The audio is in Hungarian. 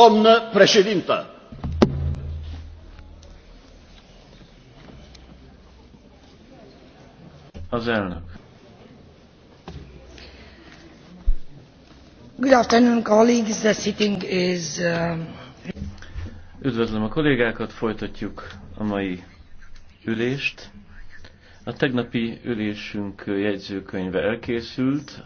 Doamnă președintă! Good afternoon, colleagues. The sitting is... Uh, Üdvözlöm a kollégákat, folytatjuk a mai ülést. A tegnapi ülésünk jegyzőkönyve elkészült.